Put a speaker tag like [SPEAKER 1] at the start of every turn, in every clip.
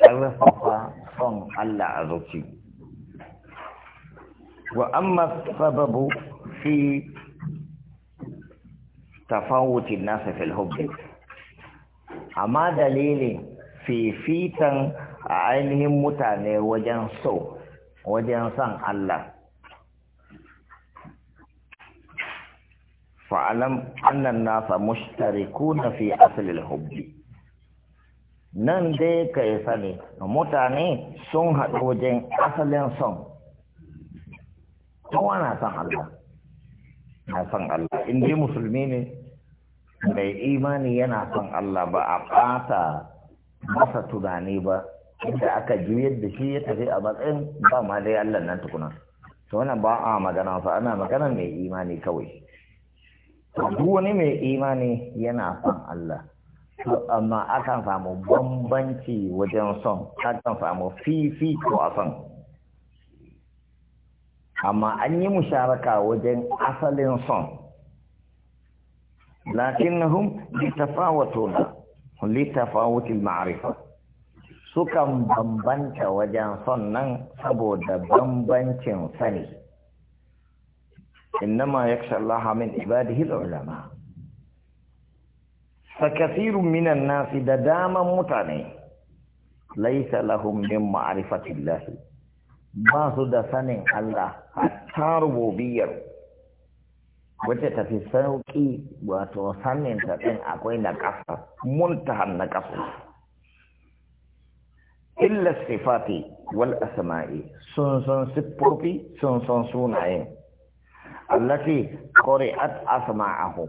[SPEAKER 1] ƙarfafa son Allah a zuci wa amma sababu fi tafawutin nasa fil hubbi amma dalilin fifitan a ainihin mutane wajen so wajen son Allah fa'alam annan nasa mushtarikuna fi asalin hubbi nan dai ka yi sani mutane sun haɗu wajen asalin son kowa na son Allah na son Allah in dai musulmi ne mai imani yana son Allah ba a ɓata masa tunani ba inda aka juyar da shi ya tafi a matsayin ba ma dai Allah nan tukuna to wannan ba a magana ana magana mai imani kawai duk wani mai imani yana son Allah amma akan samu bambanci wajen son akan samu fifiko a son amma an yi musharaka wajen asalin son na lakinnahum litafawatuna ma'arifa Su sukan bambanta wajen son nan saboda bambancin sani innama yaksha Allah min ibadihi ulama fa minan nasi da daman mutane laisa lahum min ma'rifatillah ba su da sanin Allah hatta rububiyyar Wace ta fi sauki wato sanin ta din akwai na kasa muntahan na kasa illa sifati wal asma'i sun san siffofi sun san sunaye allati qari'at asma'ahum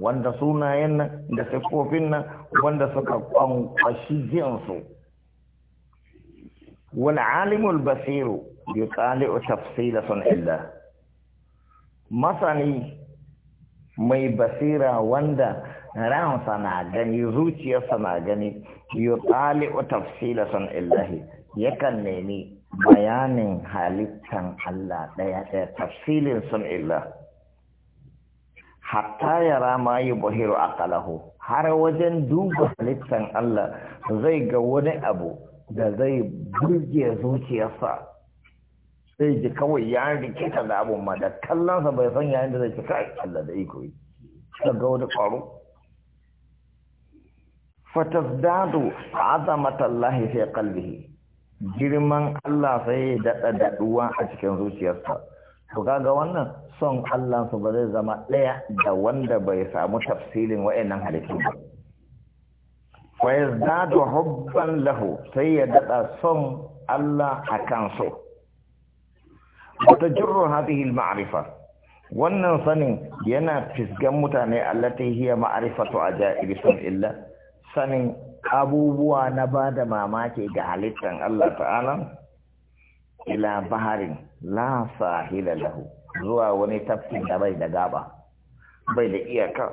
[SPEAKER 1] wanda sunayen nan da siffofin nan wanda suka kwankwashi jinsu wal alimul basiru bi qali'u tafsila illa masani mai basira wanda ransa na gani zuciyarsa na gani yi tsali'u tafsila sun illahi yakan nemi bayanin halittan Allah ɗaya ɗaya tafsilin sun illah hatta ya rama yi bahiru akalahu har wajen duba halittar Allah zai ga wani abu da zai burge zuciyarsa sai ji kawai ya rikita da abun ma da kallonsa bai san yayin da zai ci kai Allah da iko yi ga wani kwaro fatasdadu azamatallahi fi qalbihi girman Allah sai daɗa daduwa a cikin zuciyarsa to kaga wannan son Allah su ba zai zama ɗaya da wanda bai samu tafsirin wa'annan halittu ba fa yazdadu hubban lahu sai ya dada son Allah akan so wa tajru hadhihi al wannan sanin yana fisgan mutane allati hiya ma'rifatu a sun illa sanin abubuwa na bada mamaki ga halittan Allah ta'ala ila baharin la sahila lahu zuwa wani tafkin da bai da gaba bai da iyaka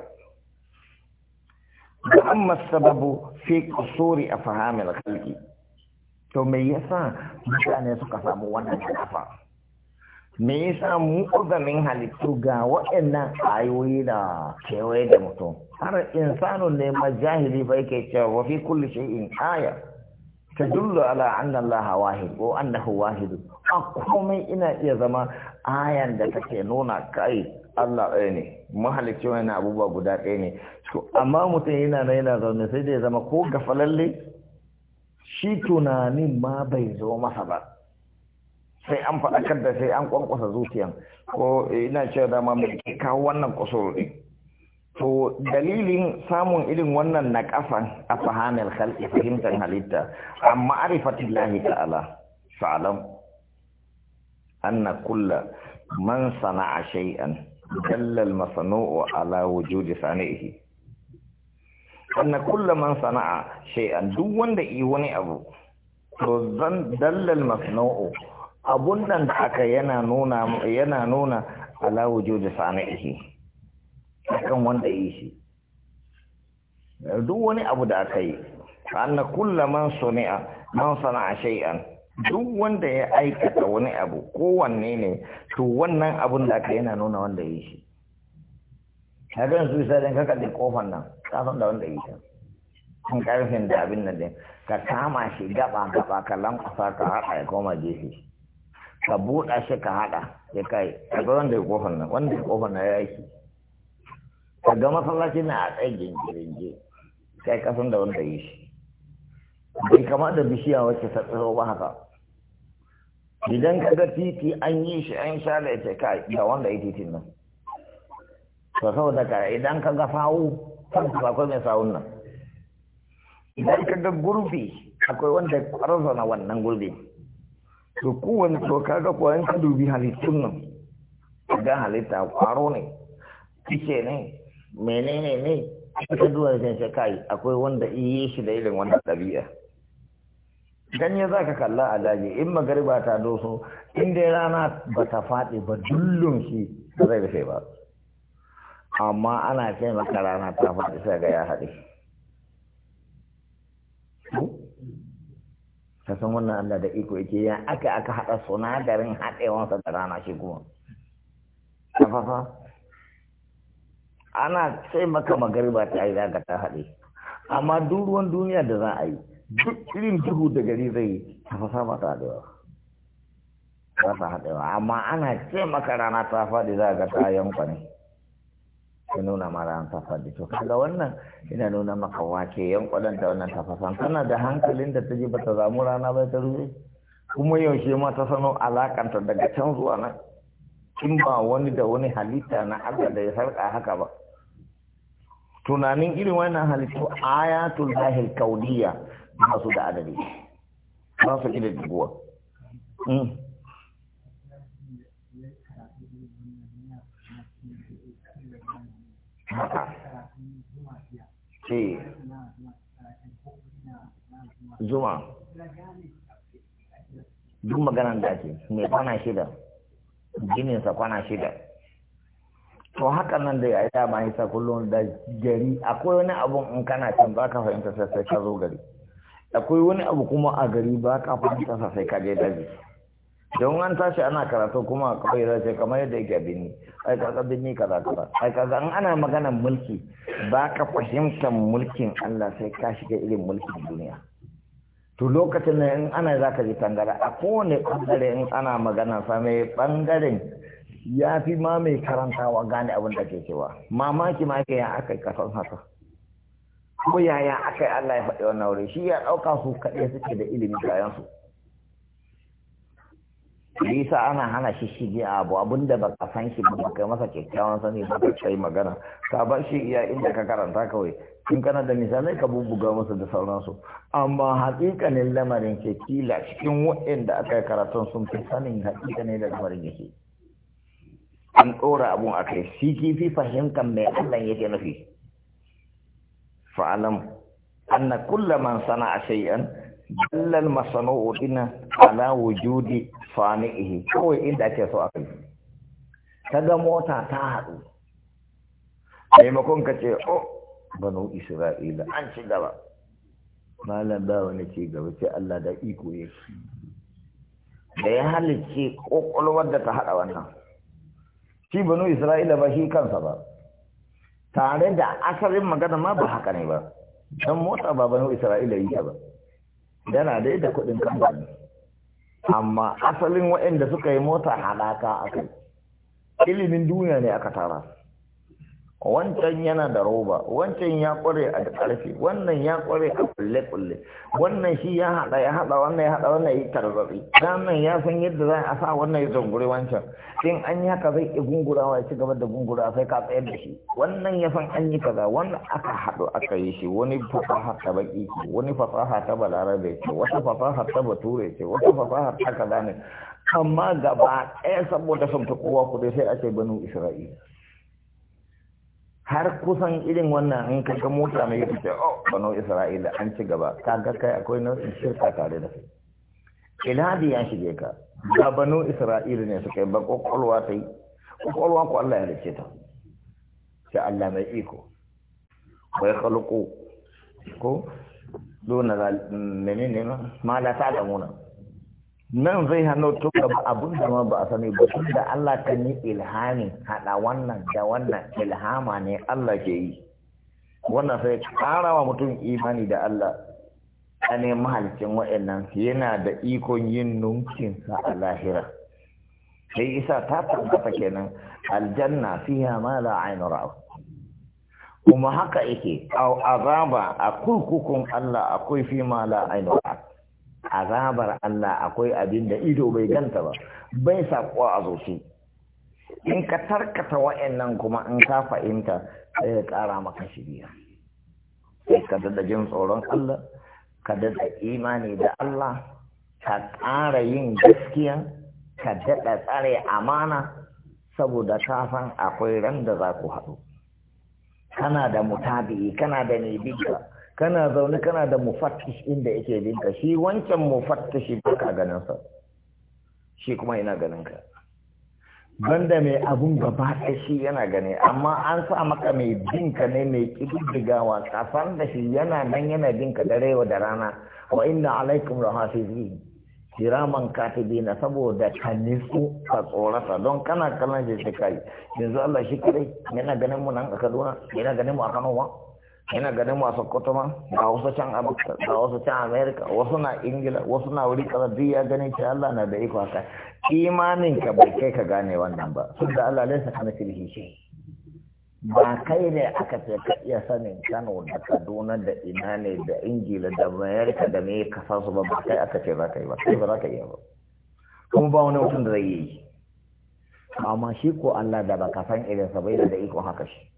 [SPEAKER 1] da amma sababu fi kusuri a fahamil kalki to me yasa mutane suka samu wannan kafa me yasa mu ƙoƙarin halittu ga waɗannan ayoyi da kewaye da mutum har insanu ne majahili bai ke cewa wa fi shi in dullo ala annan Laha wahid ko annahu wahid a komai ina iya zama ayan da take nuna kai Allah ɗaya ne mahalicci wani abubuwa guda ɗaya ne to amma mutum yana na yana zaune sai da ya zama ko gafalalle shi tunanin ma bai zo masa ba sai an faɗakar da sai an kwankwasa zuciyan ko ina cewa dama mai kawo wannan kusur ne to dalilin samun irin wannan na kafan a fahamil khalqi fahimtar halitta amma arifatillahi ta'ala fa'alam anna kulla man sana'a shay'an dalla al-masnu'u ala wujudi sani'ihi anna kulla man sana'a shay'an duk wanda yi wani abu to zan dalla al-masnu'u abun nan da aka yana nuna yana nuna ala wujudi sani'ihi akan wanda yi shi duk wani abu da aka yi anna kulla man suni'a man sana'a shay'an duk wanda ya aikata wani abu kowanne ne to wannan abun da aka yana nuna wanda yi shi kaga su sai dan kaka da kofar nan ka san da wanda yi shi kan karfin da abin nan din ka kama shi gaba gaba ka lankwasa ka haɗa ya koma jefi ka buɗa shi ka haɗa ya kai kaga wanda ya kofar nan wanda ya kofar nan ya yi shi. ga masallaci na a tsaye gingiringe kai kasan da wanda yi shi bai kama da bishiya wacce ta tsaro ba haka idan ka ga titi an yi shi an sha da ita kai da wanda yi titin nan to saboda ka idan ka ga sawu kan akwai mai sawun nan idan ka ga gurbi akwai wanda kwarza na wannan gurbi to kowane to ka ga koyan ka dubi halittun nan ga halitta kwaro ne kike ne menene ne ita duwar jin kai akwai wanda iya shi da irin wannan ɗabi'a dan ya zaka kalla a daji in magariba ta doso in dai rana ba ta faɗi ba dullun shi ba zai rufe ba amma ana ce maka rana ta faɗi sai ga ya haɗe ka san wannan Allah da iko yake ya aka aka haɗa sunadarin haɗewansa da rana shi kuma kafafa ana sai maka magariba ta yi zaka ta haɗe amma duk ruwan duniya da za a yi duk irin duhu da gari zai tafasa ba ta haɗewa ba ta haɗewa amma ana ce maka rana ta faɗi za ga ta yanka ne ta nuna ma rana ta faɗi to kaga wannan ina nuna maka wake yankwa da wannan tafasan tana da hankalin da ta ji ba ta zamu rana ba ta rufe kuma yaushe ma ta sano alakanta daga can zuwa nan kin ba wani da wani halitta na Allah da ya sarƙa haka ba tunanin irin wannan halittu ayatul zahil kauniya ba su da adadi ba su da dubuwa hmm. eh. zuma duk maganan da ake mai kwana shida jininsa kwana shida to haka nan da ya yi dama ya kullum da gari akwai wani abun in kana can ba ka fahimta sai ka zo gari akwai wani abu kuma a gari ba ka fahimta sai ka je daji don an tashi ana karatu kuma a kawai rashe kamar yadda yake bini ai kaga bini kaza kaza ai kaga an ana maganar mulki ba ka fahimtar mulkin Allah sai ka shiga irin mulkin duniya to lokacin da in ana za ka ji tangara a kowane bangare in ana magana same bangaren ya fi ma mai karantawa gane abin da ke cewa mamaki ma ke yin aka yi kasan haka ko yaya aka yi Allah ya faɗi wannan wuri shi ya ɗauka su kaɗai suke da ilimi kayansu. su Lisa ana hana shi shige abu abin da baka san shi ba kai masa kyakkyawan sani ba ka kai magana ka bar shi iya inda ka karanta kawai in kana da misalai ka bubbuga musu da sauransu amma hakikanin lamarin ke kila cikin waɗanda aka yi karatun sun fi sanin haƙiƙanin da lamarin yake. an ɗora abun a kai shi kifi fahimtar mai Allah yake nufi fa'alam anna kulla man sana'a shay'an dallal masanu'u dina ala wujudi fani'ihi kawai inda ake so a kai kaga mota ta haɗu maimakon ka ce oh banu isra'ila an ci gaba malam ba wani ci gaba ce Allah da iko yake da ya halicce kokolwar da ta haɗa wannan shi banu isra'ila ba shi kansa ba tare da asalin magana ma ba haka ne ba dan mota ba banu isra'ila yi ba yana da da kuɗin kamfani amma asalin waɗanda suka yi mota halaka a kai ilimin duniya ne aka tara wancan yana da roba wancan ya kware a karfe wannan ya kware a kulle kulle wannan shi ya hada ya hada wannan ya hada wannan ya tarzabi wannan ya san yadda za a sa wannan ya zungure wancan in an yi haka zai ki gungurawa ya ci gaba da gungura sai ka tsayar da shi wannan ya san an yi kaza wannan aka hadu aka yi shi wani fasaha ta baki ce wani fasaha ta balarabe ce wata fasaha ta bature ce wata fasaha ta kaza ne amma gaba ɗaya saboda sun ta kowa kudai sai a ce banu isra'ila har kusan irin wannan in kaga mota mai fita oh bano isra'ila an ci gaba ga kai akwai na shirka tare da kai da ya shige ka ga bano isra'ila ne suka yi ba kokolwa ta kokolwa ko Allah ya rike ta sai Allah mai iko wai khalqu ko dona menene ma la ta'lamuna nan zai hano tun gaba abin da ma ba a sani ba tun da Allah kan yi ilhami haɗa wannan da wannan ilhama ne Allah ke yi wannan sai ƙara wa mutum imani da Allah a ne mahalicin wa'annan yana da ikon yin nunkinsa a lahira sai isa ta tabbata kenan aljanna fiha ma la ainu ra'u kuma haka yake azaba a kurkukun Allah akwai fi ma la ainu ra'u azabar Allah akwai abin da ido bai ganta ba bai saƙo a zuci in ka tarkata wa'annan kuma in ka fahimta sai ya kara maka shiriya sai ka dada jin tsoron Allah ka dada imani da Allah ka ƙara yin gaskiya ka dada tsare amana saboda ka san akwai ran da za ku haɗu kana da mutabi kana da mai bidda kana zaune kana da mufattish inda yake binka shi wancan mufattishi ba ganin sa shi kuma ina ganin ka banda mai abun gaba ɗaya shi yana gani amma an sa maka mai binka ne mai kididdigawa kafan da shi yana nan yana binka dare da rana wa inna alaikum rahafizin kiraman na saboda ka nitsu ka tsorata don kana kallon shi kai yanzu Allah shi kadai yana ganin mu nan a Kaduna yana ganin mu a Kano ina ganin masu kotoma ga wasu can amurka ga wasu can amerika wasu na ingila wasu na wuri kasar duk ya ganin ce allah na da iko haka imanin ka bai kai ka gane wannan ba sun da allah laisa kana filhi shi ba kai ne aka ce ka iya sanin kano da kaduna da ina ne da ingila da amerika da me ka su ba ba kai aka ce za ka yi ba kai ba za ka yi ba kuma ba wani mutum da zai yi amma shi ko allah da ka san irinsa bai da iko haka shi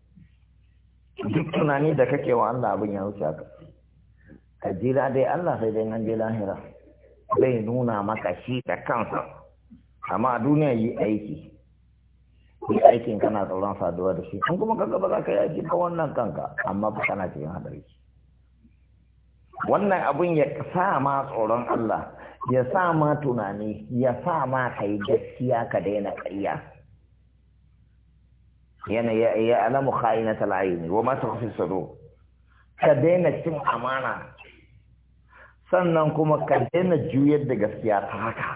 [SPEAKER 1] duk tunani da kake wa Allah abin ya wuce haka ka jira dai Allah sai dai an je lahira zai nuna maka shi da kansa amma a duniya yi aiki yi aikin kana tsoron saduwa da shi an kuma kaga ba za ka yi aiki ba wannan kanka amma ba kana cikin hadari wannan abun ya sa ma tsoron Allah ya sa ma tunani ya sa ma kayi gaskiya ka daina ƙarya yana ya alamu ta laini wa ma tukhfi sudur ka daina cin amana sannan kuma ka daina juyar da gaskiya ta haka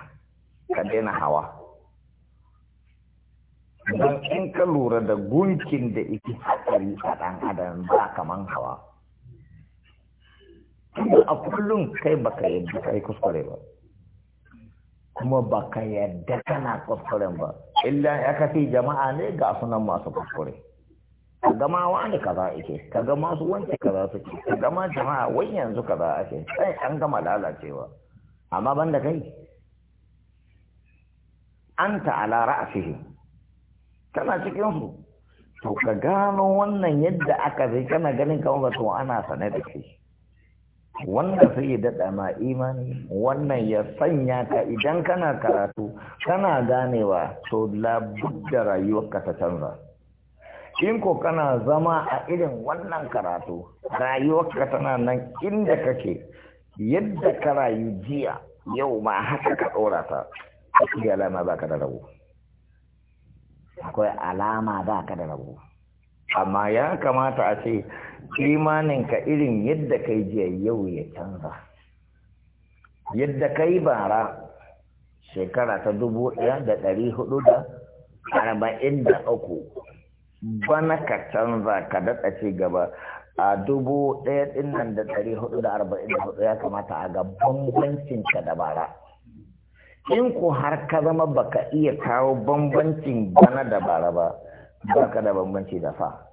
[SPEAKER 1] ka daina hawa don in ka lura da gunkin da iki hakuri a ɗan adam ba kaman hawa a kullum kai baka yadda kai kuskure ba kuma baka yadda kana kuskuren ba illa ya kafi jama'a ne ga sunan masu kuskure ka gama wani kaza ake ka ga masu wanke kaza suke ka gama jama'a wai yanzu kaza ake sai an gama lalacewa amma banda kai anta ala ra'sihi kana cikin su to ka gano wannan yadda aka zai kana ganin kamar ba to ana sane da shi wannan sai ya dada ma imani wannan ya sanya ka idan kana karatu kana ganewa to labudda rayuwarka ta canza in ko kana zama a irin wannan karatu rayuwarka tana nan inda kake yadda ka rayu jiya yau ma haka ka dora ta akwai alama ba ka da rabu akwai alama ba ka da rabu amma ya kamata a ce imaninka irin yadda kai jiya yau ya canza yadda kai bara shekara ta dubu ɗaya da ɗari hudu da arba'in da uku bana ka canza ka daɗa ce gaba a dubu ɗaya ɗin nan da ɗari hudu da arba'in da hudu ya kamata a ga bambancinka da bara in ku har ka zama baka iya kawo bambancin bana da bara ba ba ka da bambanci da fa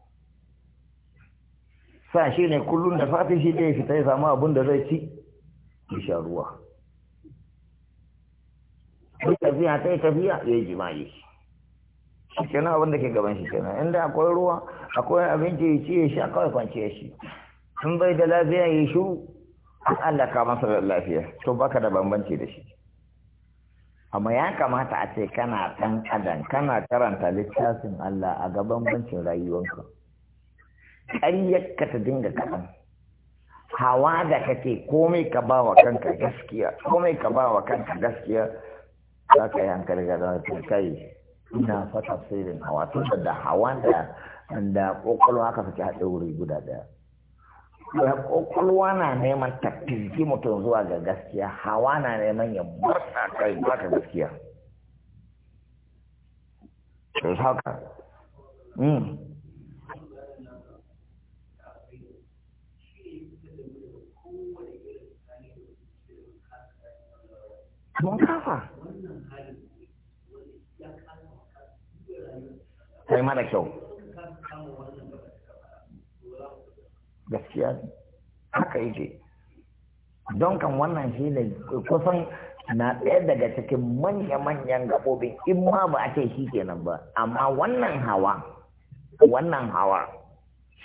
[SPEAKER 1] sa shi ne kullum da fatin shi ɗaya fita ya samu abin da zai ci ya sha ruwa duk tafiya ta yi tafiya ya yi jima'i shi kenan abin da ke gaban shi kenan inda akwai ruwa akwai abinci ya ci ya sha kawai kwanciya shi sun bai da lafiya ya yi shiru an allaka masa da lafiya to baka da bambanci da shi amma ya kamata a ce kana ɗan adam kana karanta littafin Allah a gaban bancin rayuwanka ƙaryarka ta dinga kaɗan hawa da kake komai ka ba wa kanka gaskiya komai ka ba wa kanka gaskiya za ka yi hankali ga zama kai ina fata sirrin hawa tun da hawa da ƙwaƙwalwa haka suke haɗe wuri guda ɗaya kwakwalwa na neman ta fizgi mutum zuwa ga gaskiya hawa na neman ya barka kai baka gaskiya haka hmm. mun kafa kai mara kyau gaskiya ne haka yake don kan wannan shi ne kusan na ɗaya daga cikin manya-manyan gaɓoɓin in ma ba a ce shi kenan ba amma wannan hawa wannan hawa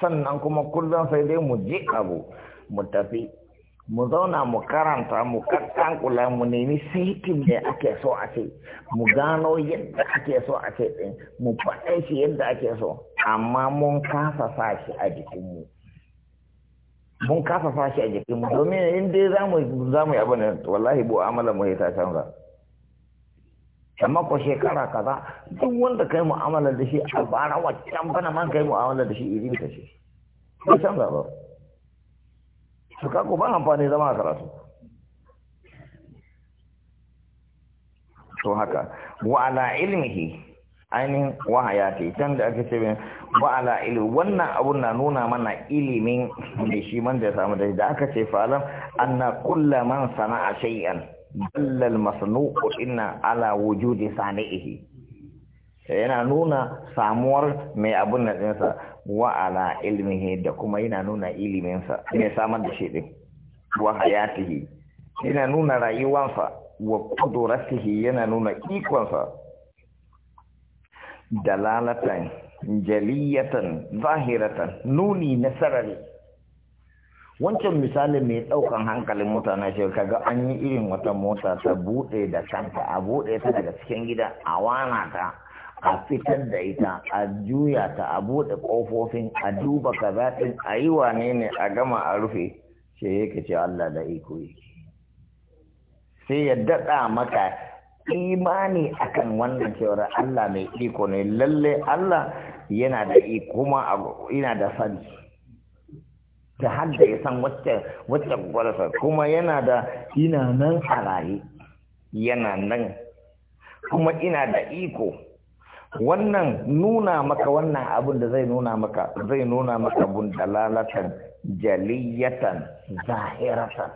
[SPEAKER 1] sannan kuma kullum sai dai mu je abu mu tafi mu zauna mu karanta mu kula mu nemi saitin da ake so a ce mu gano yadda ake so a ce ɗin mu faɗa shi yadda ake so amma mun kasa sa shi a jikinmu mun kafa fashi a jikin mu domin in dai za mu za mu yi abin nan wallahi bu amala mu ta canza amma ko shekara kaza duk wanda kai amala da shi a bara waccan bana man kai mu'amala da shi iri ta shi ba canza ba su ka ba amfani zama a karatu to haka wa ala ilmihi ainihin ce can da ake ce ba ala ilu wannan abun na nuna mana ilimin da shi man da samu da aka ce falam na kulla man sana'a shay'an dalla al inna ala wujudi sani'ihi yana nuna samuwar mai abun na dinsa wa ala ilmihi da kuma yana nuna ilimin sa ne samar da shi din wa hayatihi yana nuna rayuwansa wa kudurasihi yana nuna ikonsa dalalatan jaliyatan zahiratan nuni na wancan misalin mai daukan hankalin mutane shi kaga an yi irin wata mota ta bude da kanta a bude ta daga cikin gida a wana ta a fitar da ita a juya ta a bude kofofin a duba kazafin a yi wane ne a gama a rufe sai yake ce Allah da iko yake sai ya daɗa maka imani akan wannan cewar Allah mai iko ne lalle Allah yana da iko kuma yana da sani ta hadda ya san wacce wacce gwarasa kuma yana da ina nan a raye yana nan kuma ina da iko wannan nuna maka wannan abin da zai nuna maka zai nuna maka bun dalalatan jaliyatan zahiratan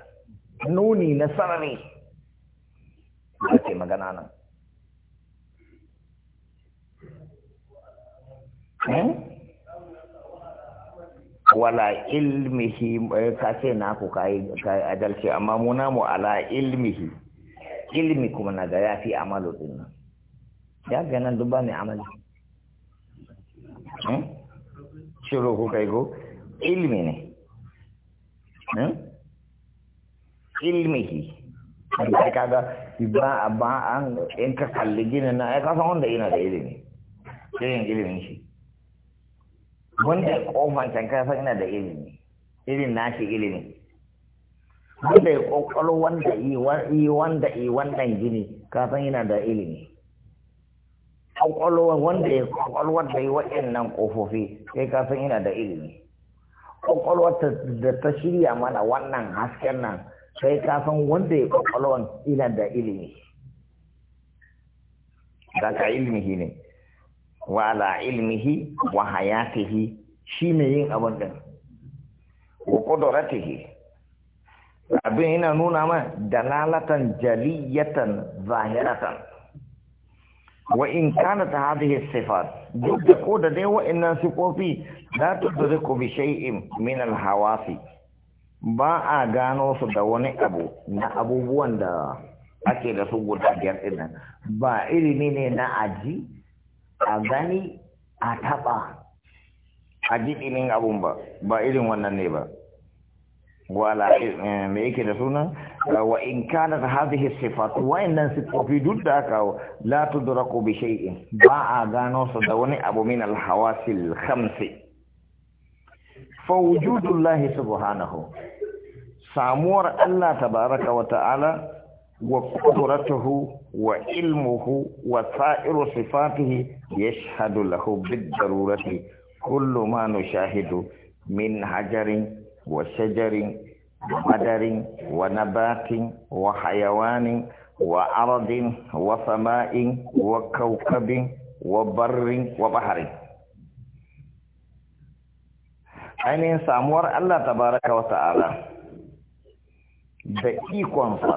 [SPEAKER 1] nuni na sarari da ake magana nan hmm? wala ilmihi eh, ka ce na ku kayi adalci amma muna mu ala ilmihi ilmi kuma na ga ya fi amalu din nan ya ga nan duba ba mai amali hmm? shiru ku kai ko ilmi ne hmm? ilmihi kai kaga ba ba an in ka kalli ginin na ai san wanda yana da ilimi irin ilimin shi wanda kofan can ka san yana da ilimi irin nashi ilimi wanda ya kokolo wanda yi wanda yi wannan gini ka san yana da ilimi kokolo wanda ya kokolo wanda yi waɗannan kofofi kai ka san yana da ilimi kokolo da ta shirya mana wannan hasken nan sai ka san wanda ya kwakwalwan ina da ilimi da ka ne wa ala ilmihi wa hayatihi shi ne yin abin din wa kuduratihi abin yana nuna ma dalalatan jaliyatan zahiratan wa in kanat hadhihi sifat duk da ko da dai wa'annan sifofi la tudriku bi shay'in min al-hawasi ba a gano su da wani abu na abubuwan da ake da su guda biyar ɗin ba ilimi ne na aji a gani a taɓa a ji ilimin abun ba ba irin wannan ne ba wala eh, me yake da suna wa in kana hadhihi sifat wa nan sifofi duk da aka la tudraku bi shay'in ba a gano su da wani abu min al hawasil khamsi فوجود الله سبحانه سامور الله تبارك وتعالى وقدرته وعلمه وسائر صفاته يشهد له بالضرورة كل ما نشاهد من حجر وشجر ومدر ونبات وحيوان وأرض وسماء وكوكب وبر وبحر ainihin samuwar Allah tabaraka wa ta'ala da ikonsa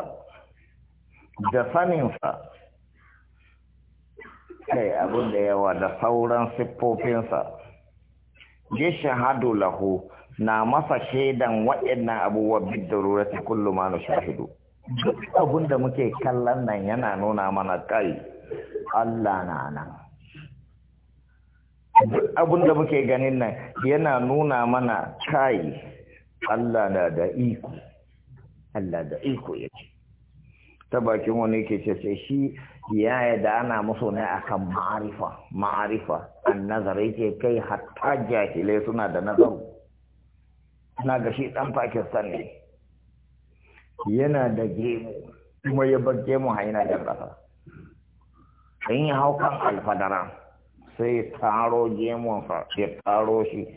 [SPEAKER 1] da saninsa kai abin da yawa da sauran siffofinsa ya shahadu lahu na masa shaidan waɗannan abubuwa bidda ta kullu ma na shahidu duk abin da muke kallon nan yana nuna mana kai Allah na nan abin da muke ganin nan yana nuna mana kai Allah na da iko Allah da iko yake ta bakin wani ke ce sai shi ya da ana musu ne akan ma'arifa ma'arifa an nazari ke kai hatta jahilai suna da nazaru na ga shi dan Pakistan ne yana da gemu kuma ya bar gemu haina da ƙasa in yi hau alfadara sai taro gemunsa ya taro shi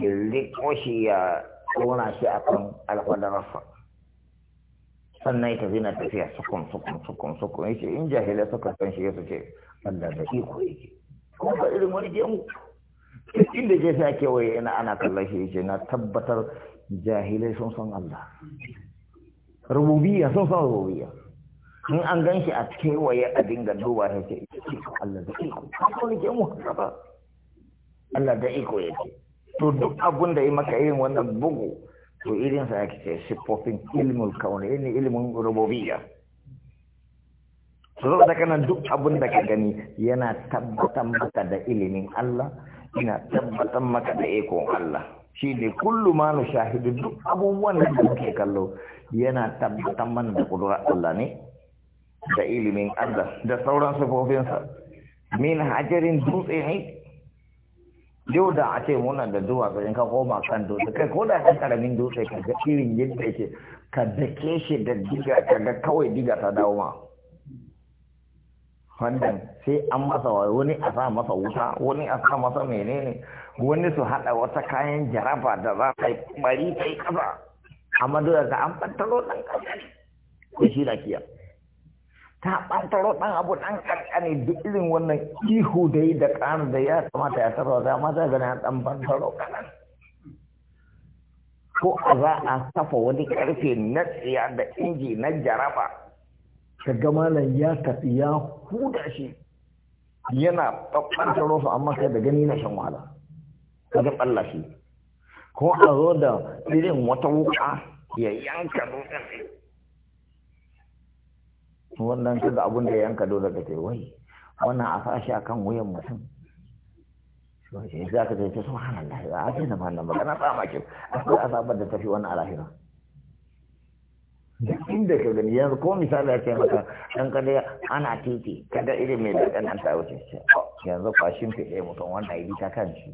[SPEAKER 1] ya riko shi ya kona shi a kan alfadararsa sannan ya tafi na tafiya sukun sukun sukun sukun yake in jahilai suka san shi ya su ce wanda da iko yake kuma ba irin wani gemu inda ke sa kewaye ina ana kallon shi yake na tabbatar jahilai sun san Allah rububiya sun san rububiya in an gan shi a kewaye a dinga duba ya ce Allah da iko ko ne ke mu haka Allah da iko ya ce to duk abun da ya maka irin wannan bugu to irin sa yake ce siffofin ilmul kauni ne ilmun rububiyya to da kana duk abun da ka gani yana tabbatar maka da ilimin Allah yana tabbatar maka da ikon Allah shi ne kullu ma nu shahidu duk abubuwan da kake kallo yana tabbatar mana da kudura Allah ne da ilimin Allah da sauran sufofinsa min hajarin dutse ne yau da a ce muna da zuwa ka koma kan dutse kai ko da kan karamin dutse ka ga irin yadda yake ka dake shi da diga ka ga kawai diga ta dawo ma wannan sai an masa wani a sa masa wuta wani a sa masa menene wani su hada wata kayan jaraba da za ka yi bari yi kasa amma da an fattaro dan kasa ko shi lafiya ta ɓantaro ɗan abu ɗan ƙanƙani duk irin wannan ihu da yi da ƙarar da ya kamata ya tarwa da za gani a ɗan ɓantaro kaɗan ko a za a tafa wani ƙarfe na tsiya da inji na jaraba ka ga ya tafi ya huda shi yana ɓantaro su amma kai da gani na shan wahala ka ga ɓalla shi ko a zo da irin wata wuƙa ya yanka dutsen wannan tun da abin da yanka dole ka ce wai wannan a sashi a kan wuyan mutum shi za ka ce ta subhanallah za a ce na malam baka na tsama ke a asabar da tafi wannan alahira duk inda ka gani yanzu ko misali ya ce maka dan kada ana titi kada irin mai da ɗan ta wuce oh, yanzu kwashin fiɗe mutum wannan yi ta kan shi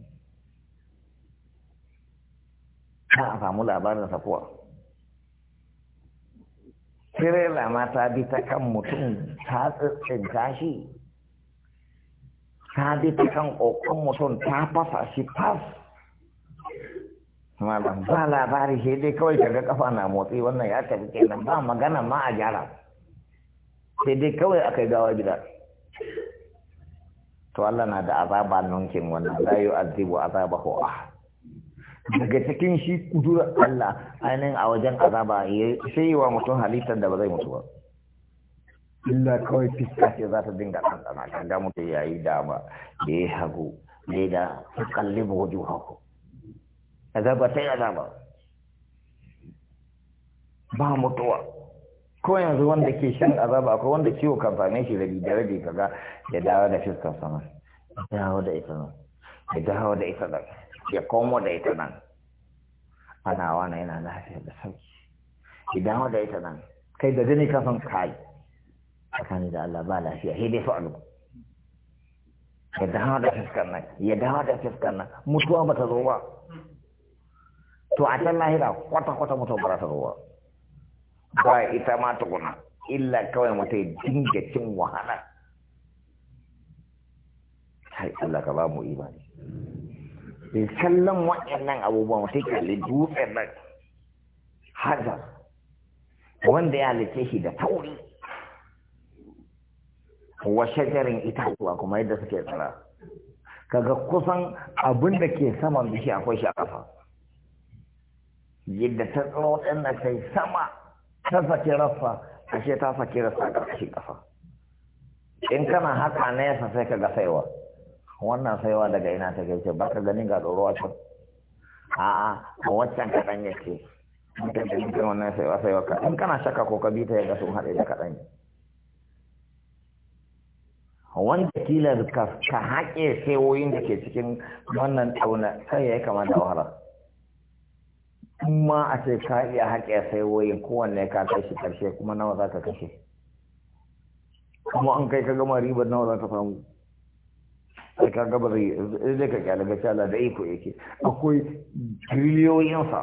[SPEAKER 1] a samu labarin sakuwa tirela ma ta bi ta kan mutum ta tsintsinta shi ta bi ta kan ƙoƙon mutum ta fasa shi fas malam ba labari shi dai kawai kaga kafa na motsi wannan ya tafi kenan ba magana ma a gyara sai dai kawai yi gawa gida to Allah na da azaba nunkin wannan azibu azaba ko a daga cikin shi kudura Allah ainihin a wajen azaba sai yi wa mutum halittar da ba zai mutu ba illa kawai fiska ce za ta dinga ɗanɗana kan ga da ya yi dama da ya hagu da da kalli ba wajen hako. azaba sai azaba ba mutuwa ko yanzu wanda ke shan azaba ko wanda ciwo kan same shi da rabi da kaga ya dawo da fiskar sama ya dawo da ita nan ya dawo da ita nan ya komo da ita nan ana wani yana lafiya da sauki idan da ita nan kai da jini kafin kai tsakani da Allah ba lafiya sai dai fa'alu ya dawo da fiskar nan ya dawo da fiskar nan mutuwa ba ta zo ba to a can lahira kwata kwata mutuwa ba ta zo ba ba ita ma tukuna illa kawai yi dinga cin wahala sai Allah ka ba mu imani bai kallon waɗannan abubuwan sai kalli dutsen nan wanda ya halice shi da tauri wa shajarin itatuwa kuma yadda suke tsara kaga kusan abin da ke saman bishi akwai shi a kafa yadda ta tsaro waɗannan sai sama ta saki rassa ashe ta saki rassa a ƙarƙashin in kana haka nesa sai ka ga saiwa wannan saiwa daga ina ta gaishe ba ka ganin ga tsoro a can a'a a waccan kaɗan ya ce ka ganin kan wannan saiwa saiwa ka in kana shaka ko ka bi ta yaga sun haɗe da kaɗan wanda kila ka ka haƙe saiwoyin da ke cikin wannan tauna sai ya yi kama da wahala in ma a ce ka iya haƙe saiwoyin kowanne ka kai shi ƙarshe kuma nawa za ka kashe kuma an kai ka gama ribar nawa za ka samu sai ka gaba zai zai ka kyale ga shala da iko yake akwai sa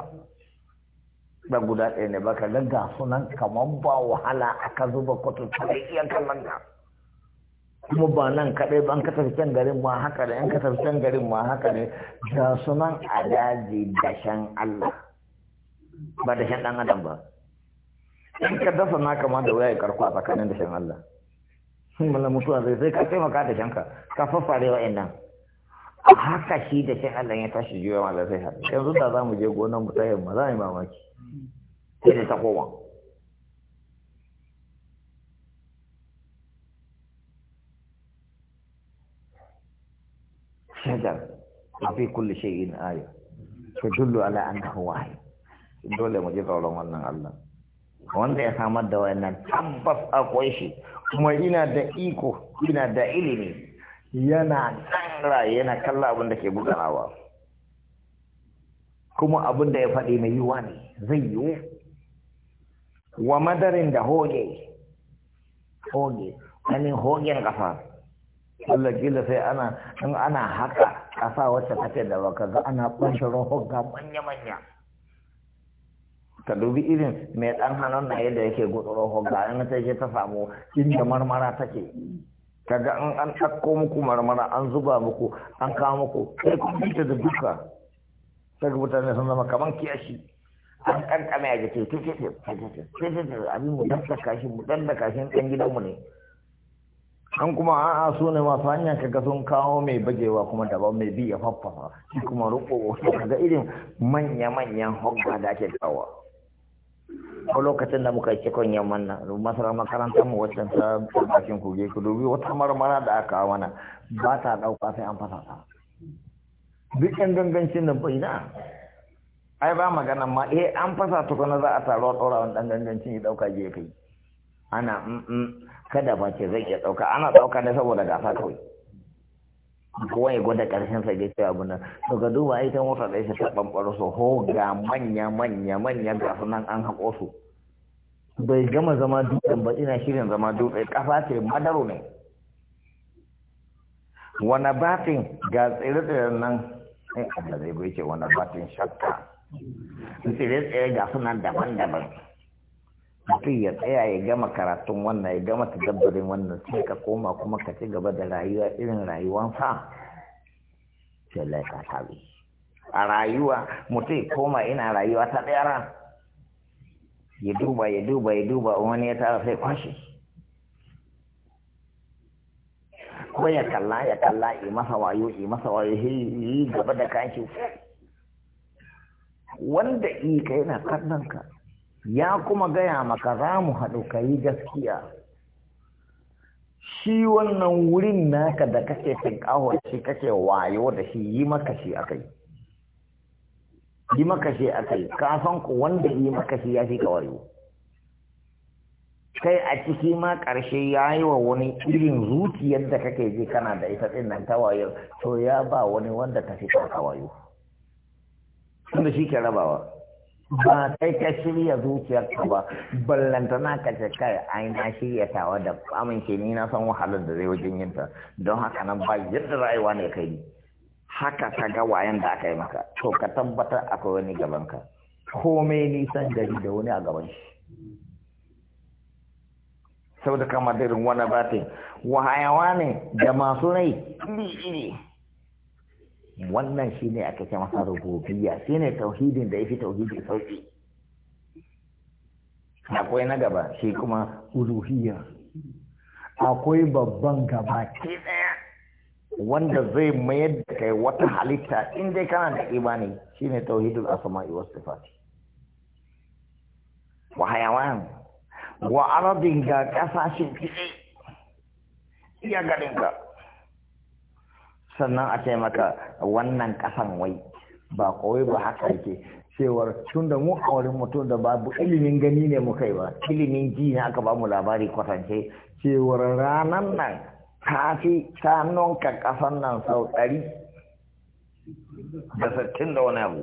[SPEAKER 1] da guda ɗaya ne baka ga ga sunan kamar ba wahala aka zuba kwato da iya kallon ka kuma ba nan kaɗai ba an ka tafi can garin ma haka ne an ka tafi can garin ma haka ne ga sunan a daji dashen Allah ba dashen ɗan adam ba in ka dasa na kama da wuya ya karko tsakanin dashen Allah mallan mutuwa zai sai ka taimaka da shanka ka faffare wa ina a haka shi da shi Allah ya tashi juya mallan sai har yanzu da za mu je gonan mu ta mu, za mu yi mamaki sai da ta koma shajar fi kulli shay'in aya dullu ala annahu wahid dole mu je tsoron wannan Allah wanda ya samar da wayannan tabbas akwai shi kuma ina da iko ina da ilimi yana tsara yana kalla abin da ke gudanawa kuma abin da ya faɗi mai yiwa ne zai yiwu wa madarin da hoge hoge wani hogen ƙasa Allah kila sai ana in ana haka ƙasa wacce take da baka ga ana ɓanshirin hoga manya-manya ka dubi irin mai ɗan hannun na yadda yake gudunar ko yana ta ta ta samu inda marmara take kaga an an ɗakko muku marmara an zuba muku an kawo muku kai kuma ita da duka sai mutane sun zama kaman kiyashi an kankame a jike tuke tuke tuke abin mu dan daka shi mu dan daka shi dan gidan mu ne an kuma a'a so ne masu hanyar kaga sun kawo mai bagewa kuma daban mai bi ya faffafa shi kuma ruko kaga irin manya-manyan hogga da ake kawo ko lokacin da muka yi kon yamman nan masarar makarantar mu waccan ta bakin kuge ku dubi wata marmara da aka mana ba ta dauka sai an fasa ta duk yan gangancin nan bai na ai ba magana ma eh an fasa kuma za a taro ɗora wani ɗan gangancin ya dauka je kai ana mm, mm, kada ba ce zai iya ɗauka ana ɗauka ne saboda gasa kawai kowa ya gwada ƙarshen sa gaske abu nan to ga duba ta mota da ta ɓamɓaro su ho ga manya manya manya ga nan an haƙo su bai gama zama dutsen ba ina shirin zama dutse ƙasa ce madaro ne wani batin ga tsire-tsiren nan in eh, abu zai ce wani batin shakka tsire-tsire ga sunan daban-daban mutum ya tsaya ya gama karatun wannan ya gama tadabbarin wannan sai ka koma kuma ka ci gaba da rayuwa irin rayuwan sa sai laika ta a rayuwa mutum koma ina rayuwa ta ɗaya ran ya duba ya duba ya duba wani ya tara sai kwashe ko ya kalla ya kalla i masa wayo i masa wayo yi gaba da kashi wanda i ka yana kallon ka ya kuma gaya maka za mu haɗu ka yi gaskiya shi wannan wurin naka da kake tinkaho shi kake wayo da shi yi maka shi akai yi maka shi a kai san ku wanda yi maka shi ya fi ka wayo kai a ciki ma ƙarshe ya yi wa wani irin zuciyar da kake ji kana da ita ɗin nan ta wayo to ya ba wani wanda ta fi ka wayo shi ke rabawa ba kai ka shirya zuciyarka ba ballantana ka ce kai ai na shirya tawa da amince ni na san wahalar da zai wajen yinta don haka nan ba yadda rayuwa ne kai haka ka ga wayan da aka yi maka to ka tabbatar akwai wani gaban ka komai nisan gari da wani a gaban shi saboda kamar irin wani batin wahayawa ne da masu rai iri wannan shine aka ce masa rububiyya ne tauhidin da ya fi tauhidi sauki akwai na gaba shi kuma uluhiyya akwai babban gaba ke daya wanda zai mayar da kai wata halitta in dai kana da imani Shi ne tauhidin asma'i iwa sifati wa hayawan wa arabin ga kasashen kiɗi? iya garin ka sannan a ce maka wannan kasan wai ba kawai ba haka yake cewar tun da mu a wurin mutum da babu ilimin gani ne muka yi ba ilimin ji ne aka ba mu labari kwatance cewar ranar nan ta fi sanonka kasan nan sau ɗari da sittin da wani abu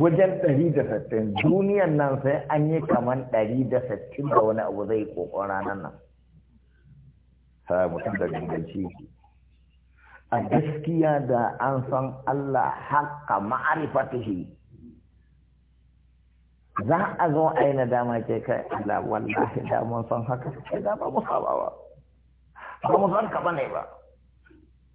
[SPEAKER 1] wajen ɗari da sittin duniyan nan sai an yi kaman ɗari da sittin da wani abu zai kokon ranar nan mutum da ganganci a gaskiya da an san Allah haƙa ma'arifatihi za a zo a yi nadama ke kai Allah wallahi da mun san haka sai da ba mu saba ba ba mu san ka ne ba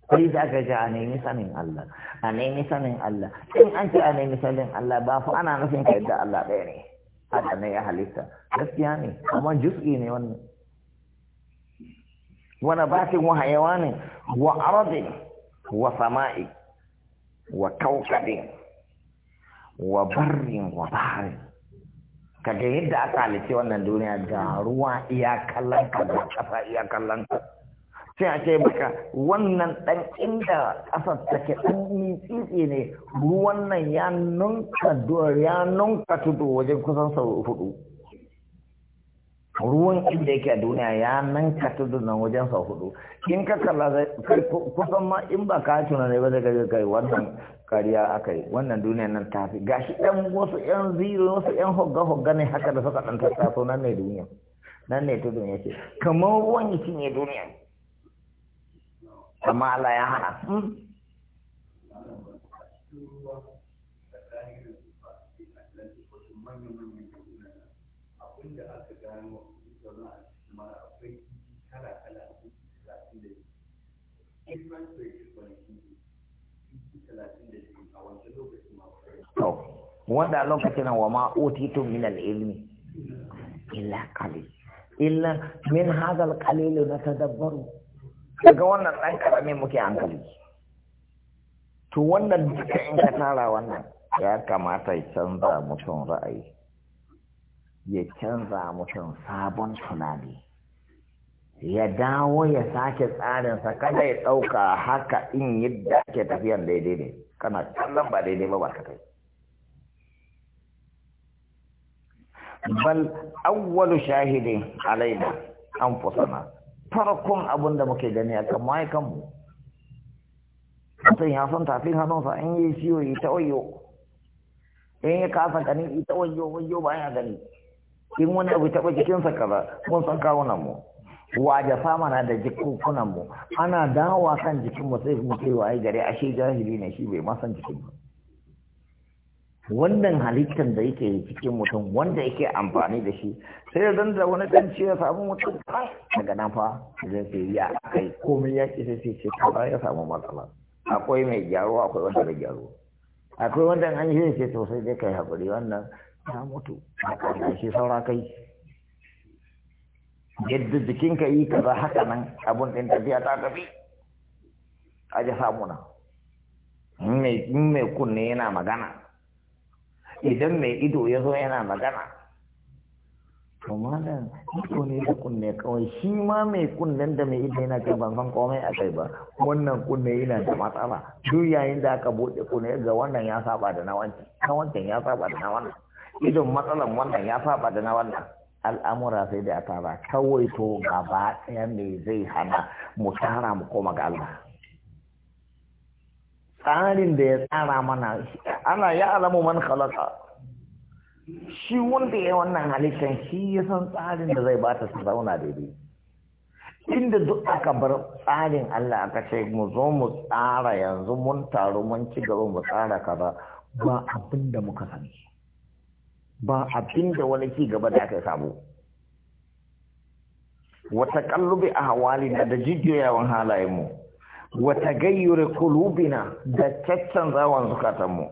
[SPEAKER 1] kai za ka ji a nemi sanin Allah a nemi sanin Allah in an ce a nemi sanin Allah ba fa ana nufin ka yadda Allah ɗaya ne haka ne ya halitta gaskiya ne amma juz'i ne wannan wani batin wahayawa ne wa aradin wa sama'i wa kaukabin wa barrin wa ga kaga yadda aka halice wannan duniya da ruwa iya kallon ka da ƙasa iya kallon ka sai ake baka wannan ɗan inda ƙasar take ɗan mitsitsi ne ruwan nan ya nunka ya nunka tudu wajen kusan sau hudu ruwan inda yake a duniya ya nan ka nan wajen sau hudu in ka kalla sai kusan ma in ba ka tuna ne ba zai kai wannan kariya aka yi wannan duniya nan ta fi gashi dan wasu yan zero wasu yan hogga hogga ne haka da suka dan tattaso nan ne duniya nan ne tudun ke. kamar ruwan yake ne duniya amma Allah ya hana Thank hmm? you. to wanda lokacin wa ma otito min al’ilmi, illa kali, illa min hadha na ta natadabbaru daga wannan ɗan ƙarami muke hankali to wannan duka in ka tara wannan ya kamata ya canza mutum ra'ayi ya canza mutum sabon tunani ya dawo ya sake tsarinsa kada ya ɗauka haka in yadda ake tafiyan daidai ne kana kallon ba daidai ba kai. bal awwalu shahidin alaina an fusana farkon abin da muke gani a kan ma'aikanmu mutum ya san tafin hannunsa in yi ciwo yi ta wayo in ya kasa gani yi ta wayo wayo ba ya gani in wani abu taɓa jikinsa kaza mun san kawunan mu wajafa mana da jikukunan mu ana dawa kan jikin mu sai mu ce wai gare ashe jahili ne shi bai ma san jikin ba wannan halittar da yake cikin mutum wanda yake amfani da shi sai da da wani dan ya samu mutum kan ah! daga nan fa zai ce ya kai komai ya ce sai ce ka ya samu matsala akwai mai gyaruwa akwai wanda bai gyaruwa akwai wanda an yi sai to sai dai kai hakuri wannan ya mutu a ƙarshe saura kai yadda jikinka yi kaza haka nan abun ɗin tafiya ta tafi a ji samuna in mai kunne yana magana idan mai ido ya zo yana magana to malam ido ne da kunne kawai shi ma mai kunnen da mai ido yana kai ban san komai a kai ba wannan kunne yana da matsala duk yayin da aka buɗe kunne ga wannan ya saba da na wancan na wancan ya saba da na wannan idon matsalan wannan ya saba da na wannan al'amura sai da a tara kawai to gaba ɗaya me zai hana mu tara mu koma ga Allah tsarin da ya tsara mana ana ya alamu man khalaqa shi wanda ya wannan halittar shi ya san tsarin da zai bata su zauna daidai inda duk aka bar tsarin Allah aka ce mu zo mu tsara yanzu mun taru mun ci gaba mu tsara kaza ba abinda muka sani ba abin da wani ci gaba da aka samu wata kallubi a hawalina da jijiyoyawan mu. wata gayyure kulubina da caccan zawon zukatanmu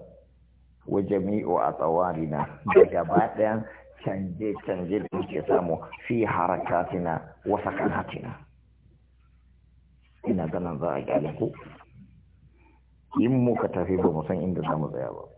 [SPEAKER 1] wa jami'u a tsawarina da gaba ɗayan canje-canje da muke samu fi harakatina wasa kanatina ina ganin za a gyale ku in muka tafi ba mu san inda za mu tsaya ba